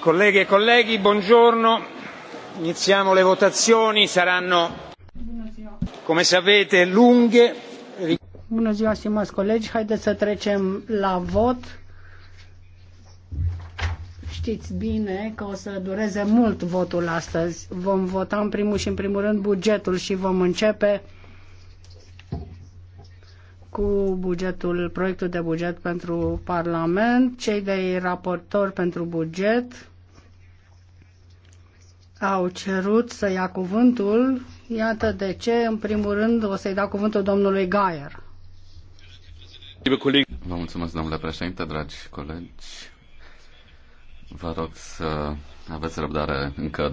Colleghe e colleghi, buongiorno. Iniziamo le votazioni, saranno come sapete lunghe. Bună ziua, stimați colegi, haideți să trecem la vot. Știți bine că o să dureze mult votul astăzi. Vom vota în primul și în primul rând bugetul și vom începe cu bugetul, proiectul de buget pentru Parlament. Cei de raportori pentru buget au cerut să ia cuvântul. Iată de ce, în primul rând, o să-i dau cuvântul domnului Gaier. Vă mulțumesc, domnule președinte, dragi colegi. Vă rog să aveți răbdare încă